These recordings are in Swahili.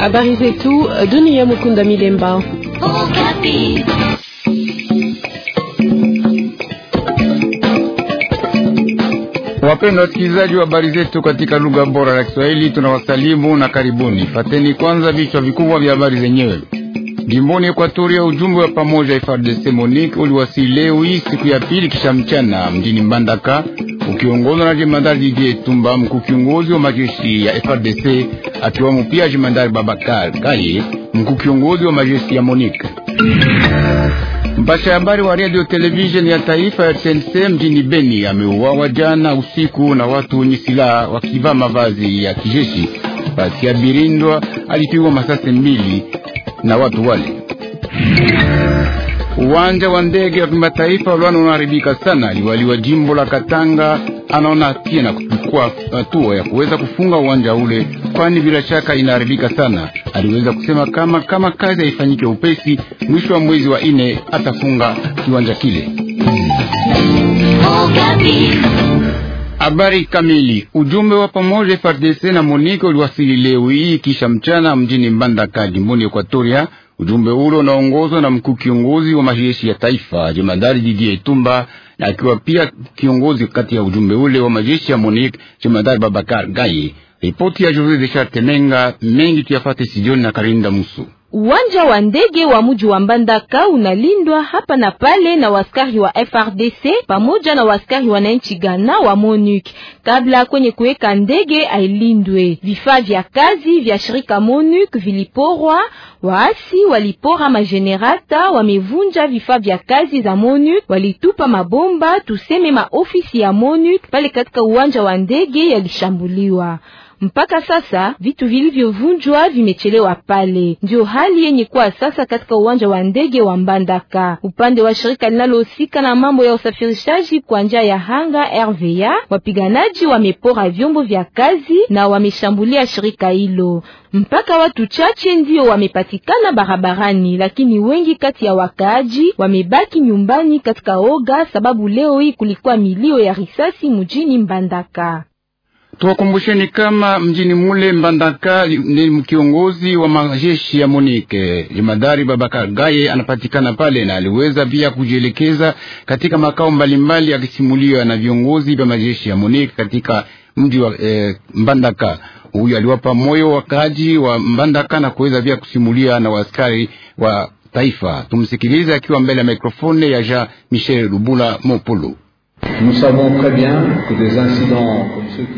Habari zetu eh, dunia. Mukunda Milemba. Okapi. Wapenda wasikilizaji wa habari zetu katika lugha bora la Kiswahili, tunawasalimu na karibuni. Pateni kwanza vichwa vikubwa vya habari zenyewe. Jimboni Ekwatoria, ujumbe wa pamoja FARDC Monique uliwasili leo hii siku ya pili kisha mchana mjini Mbandaka ukiongozwa na jemandari Didier etumba mkuu kiongozi wa majeshi ya FRDC akiwamo pia jemandari Babakar Kaye, mkuu kiongozi wa majeshi ya Monika. Mpasha habari wa radio television ya taifa ya SNC mjini Beni ameuawa jana usiku na watu wenye silaha wakivaa mavazi ya kijeshi. basi ya Birindwa alipigwa masasi mbili na watu wale. Uwanja wa ndege wa kimataifa lwana unaharibika sana. Liwali wa jimbo la Katanga anaona pia na kuchukua hatua ya kuweza kufunga uwanja ule, kwani bila shaka inaharibika sana. Aliweza kusema kama kama kazi haifanyike upesi, mwisho wa mwezi wa ine atafunga kiwanja kile. Habari kamili. Ujumbe wa pamoja FARDC na MONUC uliwasili leo hii kisha mchana mjini Mbandaka, jimboni Ekwatoria, Ujumbe ule unaongozwa na mkuu kiongozi wa majeshi ya taifa jemadari Didier Etumba, na akiwa pia kiongozi kati ya ujumbe ule wa majeshi ya Monique jemadari Babakar Gaye. Ripoti ya Jose Richard Temenga mengi tuyafate sijoni na Karinda Musu. Uwanja wa ndege wa muji wa Mbandaka unalindwa hapa na pale na waskari wa FRDC pamoja na waskari wananchi Ghana wa MONUC kabla kwenye kuweka ndege ailindwe. Vifaa vya kazi vya shirika MONUC viliporwa, waasi walipora majenerata, wamevunja vifaa vya kazi za MONUC, walitupa mabomba, tuseme maofisi ya MONUC pale katika uwanja wa ndege yalishambuliwa. Mpaka sasa vitu vilivyovunjwa vimechelewa pale. Ndio hali yenye kuwa sasa katika uwanja wa ndege wa Mbandaka. Upande wa shirika linalohusika na mambo ya usafirishaji kwa njia ya hanga RVA, wapiganaji wamepora vyombo vya kazi na wameshambulia shirika hilo. Mpaka watu chache ndio wamepatikana barabarani, lakini wengi kati ya wakaaji wamebaki nyumbani katika oga, sababu leo hii kulikuwa milio ya risasi mjini Mbandaka. Tuwakumbusheni kama mjini mule Mbandaka ni mkiongozi wa majeshi ya Monike Jemadari Babakar Gaye anapatikana pale na aliweza pia kujielekeza katika makao mbalimbali akisimuliwa na viongozi vya majeshi ya Monike katika mji wa e, Mbandaka. Huyu aliwapa moyo wakaji wa Mbandaka na kuweza pia kusimulia na waaskari wa taifa. Tumsikilize akiwa mbele ya mikrofoni ya Jean Michel Lubula Mopulu.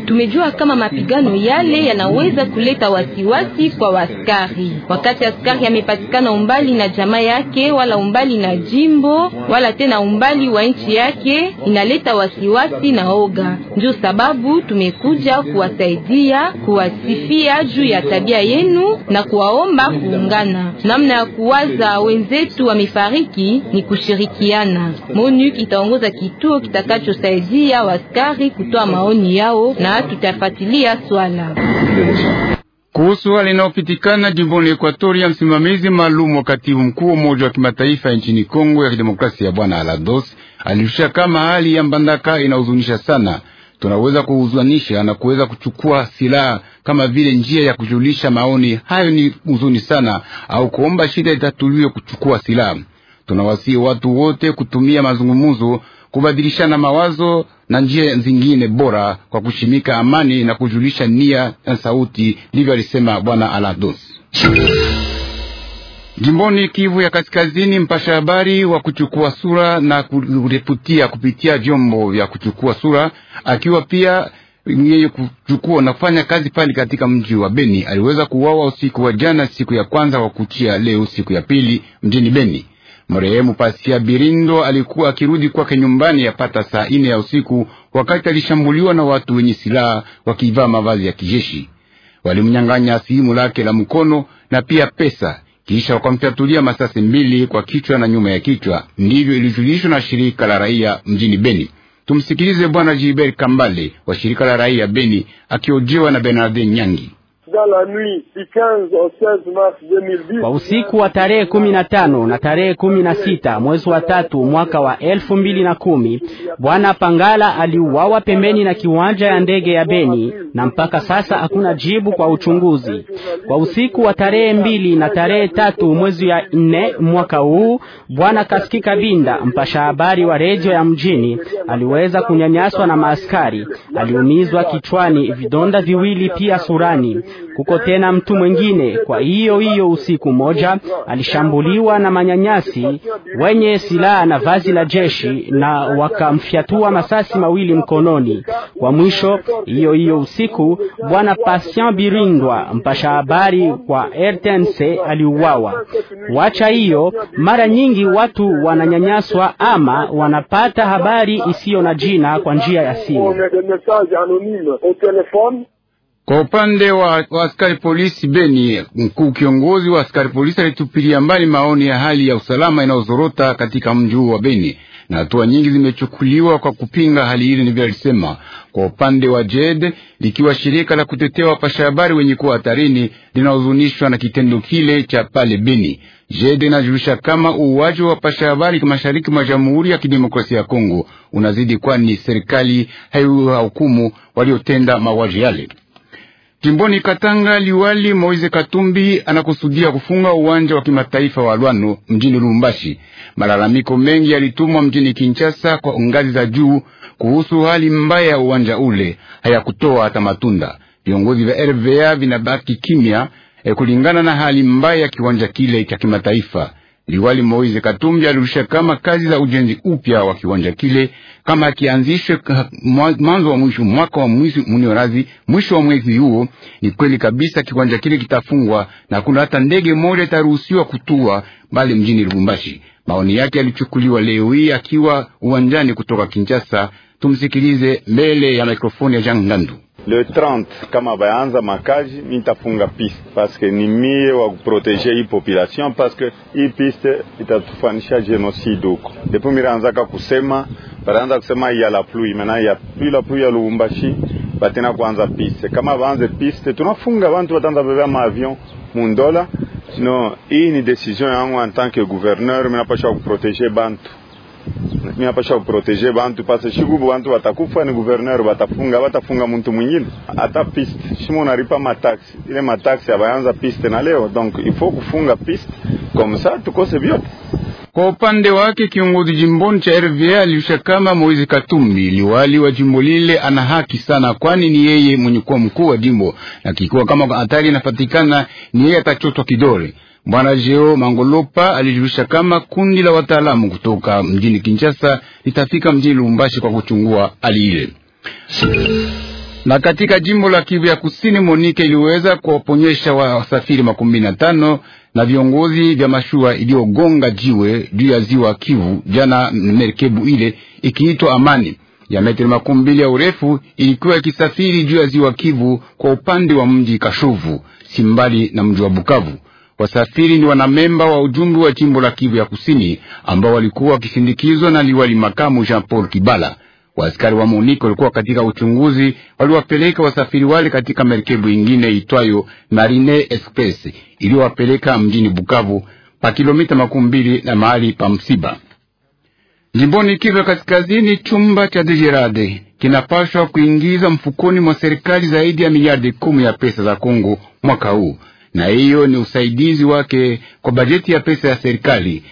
Tumejua kama mapigano yale yanaweza kuleta wasiwasi kwa waskari. Wakati askari amepatikana umbali na jamaa yake, wala umbali na jimbo, wala tena umbali wa nchi yake, inaleta wasiwasi na oga. Ndio sababu tumekuja kuwasaidia, kuwasifia juu ya tabia yenu na kuwaomba kuungana. Namna ya kuwaza wenzetu wamefariki ni kushirikiana. MONUC itaongoza kituo kitaka kinachosaidia waskari kutoa maoni yao na tutafuatilia swala kuhusu hali inayopitikana jimboni Ekuatoria. Msimamizi maalum wa katibu mkuu wa Umoja wa Kimataifa nchini Kongo ya Kidemokrasia ya Bwana Alados aliusha kama hali ya Mbandaka inahuzunisha sana. Tunaweza kuhuzunisha na kuweza kuchukua silaha kama vile njia ya kujulisha maoni hayo, ni huzuni sana, au kuomba shida itatuliwe kuchukua silaha. Tunawasihi watu wote kutumia mazungumzo kubadilishana mawazo na njia zingine bora kwa kushimika amani na kujulisha nia ya sauti, ndivyo alisema Bwana Alados. Jimboni Kivu ya Kaskazini, mpasha habari wa kuchukua sura na kureputia kupitia vyombo vya kuchukua sura, akiwa pia yeye kuchukua na kufanya kazi pale katika mji wa Beni, aliweza kuuawa usiku wa jana, siku ya kwanza wa kuchia leo, siku ya pili mjini Beni. Marehemu Pasia Birindo alikuwa akirudi kwake nyumbani yapata saa ine ya usiku, wakati alishambuliwa na watu wenye silaha wakivaa mavazi ya kijeshi. Walimnyang'anya simu lake la mkono na pia pesa, kisha wakamfyatulia masasi mbili kwa kichwa na nyuma ya kichwa. Ndivyo ilijulishwa na shirika la raia mjini Beni. Tumsikilize Bwana Gilbert Kambale wa shirika la raia Beni akiojewa na Bernardin Nyangi kwa usiku wa tarehe kumi na tano na tarehe kumi na sita mwezi wa tatu mwaka wa elfu mbili na kumi Bwana Pangala aliuawa pembeni na kiwanja ya ndege ya Beni, na mpaka sasa hakuna jibu kwa uchunguzi. Kwa usiku wa tarehe mbili na tarehe tatu mwezi ya nne mwaka huu, Bwana Kasiki Kabinda, mpasha habari wa redio ya mjini, aliweza kunyanyaswa na maaskari. Aliumizwa kichwani, vidonda viwili pia surani. Kuko tena mtu mwingine kwa hiyo hiyo usiku mmoja alishambuliwa na manyanyasi wenye silaha na vazi la jeshi, na wakamfyatua masasi mawili mkononi. Kwa mwisho hiyo hiyo usiku, bwana Patient Birindwa, mpasha habari kwa RTNC, aliuawa. Wacha hiyo, mara nyingi watu wananyanyaswa ama wanapata habari isiyo na jina kwa njia ya simu. Kwa upande wa, wa askari polisi Beni, mkuu kiongozi wa askari polisi alitupilia mbali maoni ya hali ya usalama inayozorota katika mji wa Beni na hatua nyingi zimechukuliwa kwa kupinga hali hili. Ndivyo alisema. Kwa upande wa JED, likiwa shirika la kutetea wapasha habari wenye kuwa hatarini, linahuzunishwa na kitendo kile cha pale Beni. JED inajulisha kama uuaji wa wapasha habari mashariki mwa Jamhuri ya Kidemokrasia ya Kongo unazidi, kwani serikali haihukumu waliotenda mauaji yale. Jimboni Katanga, liwali Moise Katumbi anakusudia kufunga uwanja wa kimataifa wa Lwano mjini Lubumbashi. Malalamiko mengi yalitumwa mjini Kinshasa kwa ngazi za juu kuhusu hali mbaya ya uwanja ule, hayakutoa hata matunda. Viongozi vya RVA vinabaki kimya, e, kulingana na hali mbaya ya kiwanja kile cha kimataifa. Liwali Moise Katumbi alirusha kama kazi za ujenzi upya wa kiwanja kile kama kianzishwe mwanzo wa mwisho mwaka wa mwisho muniorazi mwisho wa mwezi huo. Ni kweli kabisa kiwanja kile kitafungwa na kuna hata ndege moja itaruhusiwa kutua bali mjini Lubumbashi. Maoni yake yalichukuliwa leo hii akiwa uwanjani kutoka Kinshasa. Tumsikilize mbele ya mikrofoni ya Jean Ngandu. Le 30 kama bayanza makazi mitafunga piste paske ni mie wa kuproteje hii population paske hii piste itatufanisha genocide huko. Depuis miraanzaka kusema baraanza kusema ya la pluie mena ya pluie la pluie ya Lubumbashi batena kuanza piste. Kama baanze piste tunafunga bantu batanza bebe maavion mundola. No, hii ni decision yangu en tant que gouverneur, minapasha kuproteje bantu mi sha protege bantu pase shigubu bantu watakufa ni guverneur batafunga, batafunga muntu mwingine hata piste shimo ripa mataksi ile mataksi abayanza piste na leo, donc il faut kufunga piste comme ça tukose vyote. Kwa upande wake kiongozi jimboni cha RVA er aliusha kama Moizi Katumbi liwali wa jimbo lile ana haki sana, kwani ni yeye mwenye kuwa mkuu wa jimbo, na kikiwa kama hatari inapatikana, ni yeye atachotwa kidole. Bwana Jeo Mangolopa alijulisha kama kundi la wataalamu kutoka mjini Kinshasa litafika mjini Lubumbashi kwa kuchungua hali ile. Na katika jimbo la Kivu ya Kusini, Monike iliweza kuwaponyesha wasafiri makumi na tano na viongozi vya mashua iliyogonga jiwe juu ya ziwa Kivu jana. merkebu ile ikiitwa Amani ya metri makumi mbili ya urefu ilikuwa ikisafiri juu ya ziwa Kivu kwa upande wa mji Kashuvu, si mbali na mji wa Bukavu. Wasafiri ni wanamemba wa ujumbe wa jimbo la Kivu ya Kusini ambao walikuwa wakisindikizwa na liwali makamu Jean Paul Kibala. Waaskari wa MONUC walikuwa katika uchunguzi, waliwapeleka wasafiri wale katika merikebu ingine itwayo Marine Express iliyowapeleka mjini Bukavu pa kilomita makumi mbili na mahali pa msiba. Jimboni Kivu ya Kaskazini, chumba cha Dejerade kinapashwa kuingiza mfukoni mwa serikali zaidi ya miliardi kumi ya pesa za Kongo mwaka huu na hiyo ni usaidizi wake kwa bajeti ya pesa ya serikali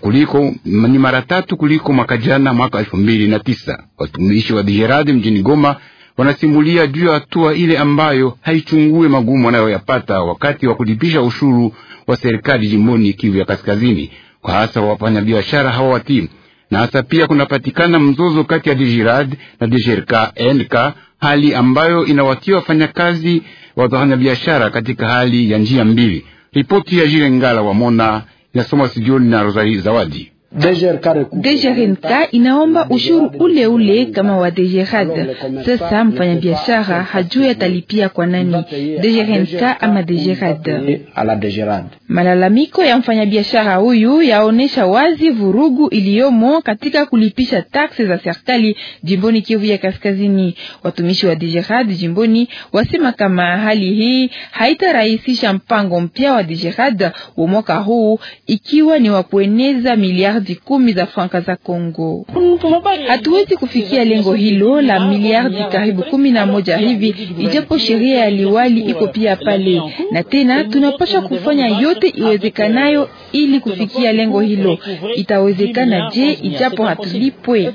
kuliko ni mara tatu kuliko mwaka jana, mwaka elfu mbili na tisa. Watumishi wa Dijeradi mjini Goma wanasimulia juu ya hatua ile ambayo haichungue magumu wanayoyapata wakati wa kulipisha ushuru wa serikali jimboni Kivu ya Kaskazini, kwa hasa wafanyabiashara hawa watii, na hasa pia kunapatikana mzozo kati ya Dijirad na Dijerka NK, hali ambayo inawatia wafanyakazi wafanya biashara katika hali ya njia mbili. Ripoti ya Jire Ngala Wamona inasoma studioni na Rozari Zawadi. Dejerenka inaomba ushuru ule ule kama wa Dejerad. Sasa mfanyabiashara hajui atalipia kwa nani, Dejerenka ama Dejerad. Malalamiko ya mfanyabiashara huyu yaonesha wazi vurugu iliyomo katika kulipisha taksi za serikali jimboni Kivu ya Kaskazini. Watumishi wa Dejerad jimboni wasema kama hali hii haitarahisisha mpango mpya wa Dejerad wa mwaka huu, ikiwa ni wa kueneza miliardi miliardi kumi za franka za Kongo. Hatuwezi kufikia lengo hilo la miliardi karibu kumi na moja hivi, ijapo sheria ya liwali iko pia pale, na tena tunapasha kufanya yote iwezekanayo ili kufikia lengo hilo. Itawezekana je, ijapo hatulipwe?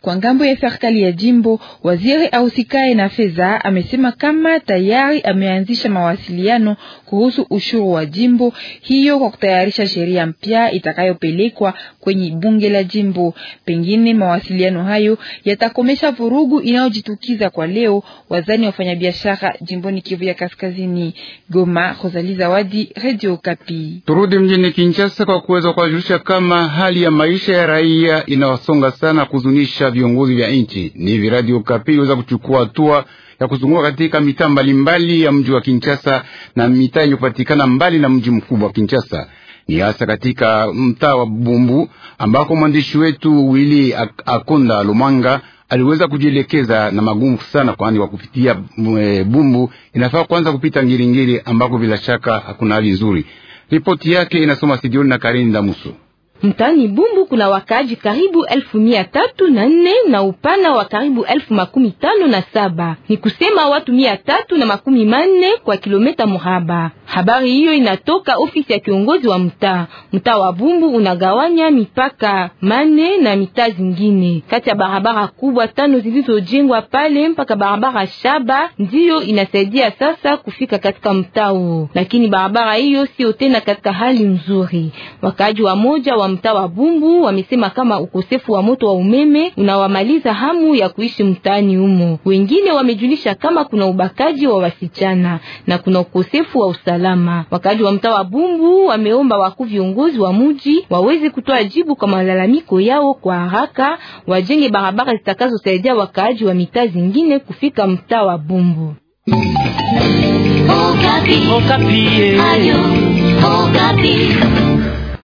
Kwa ngambo ya serikali ya jimbo, waziri ausikae na fedha amesema kama tayari ameanzisha mawasiliano kuhusu ushuru wa jimbo hiyo kwa kutayarisha sheria mpya itakayo kupelekwa kwenye bunge la jimbo. Pengine mawasiliano hayo yatakomesha vurugu inayojitukiza kwa leo wazani wafanyabiashara jimboni Kivu ya Kaskazini. Goma, Rosalie Zawadi, Radio Kapi. Turudi mjini Kinshasa kwa kuweza kuwajulisha kama hali ya maisha ya raia inawasonga sana kuzunisha viongozi vya nchi. Ni hivi Radio Kapi iweza kuchukua hatua ya kuzunguka katika mitaa mbalimbali ya mji wa Kinshasa na mitaa yenye kupatikana mbali na mji mkubwa wa Kinshasa ni hasa katika mtaa wa Bumbu ambako mwandishi wetu Wili Akonda Lumanga aliweza kujielekeza na magumu sana, kwani wa kupitia Bumbu inafaa kwanza kupita Ngiringiri ambako bila shaka hakuna hali nzuri. Ripoti yake inasoma Sidioni na Karinda Musu. Mtani Bumbu kuna wakaaji karibu elfu mia tatu na nne na upana wa karibu elfu makumi tano na saba ni kusema watu mia tatu na makumi manne kwa kilometa mraba. Habari hiyo inatoka ofisi ya kiongozi wa mtaa. Mtaa wa Bumbu unagawanya mipaka mane na mitaa zingine, kati ya barabara kubwa tano zilizojengwa pale mpaka barabara shaba ndiyo inasaidia sasa kufika katika mtaa huo, lakini barabara hiyo sio tena katika hali nzuri. Wakaaji wa moja wa mtaa wa Bumbu wamesema kama ukosefu wa moto wa umeme unawamaliza hamu ya kuishi mtaani humo. Wengine wamejulisha kama kuna ubakaji wa wasichana na kuna ukosefu wa usalama. Wakazi wa mtaa wa Bumbu wameomba wakuu viongozi wa mji waweze kutoa jibu kwa malalamiko yao kwa haraka, wajenge barabara zitakazosaidia wakaaji wa mitaa zingine kufika mtaa wa Bumbu. Okapi. Okapi. Ayo, Okapi.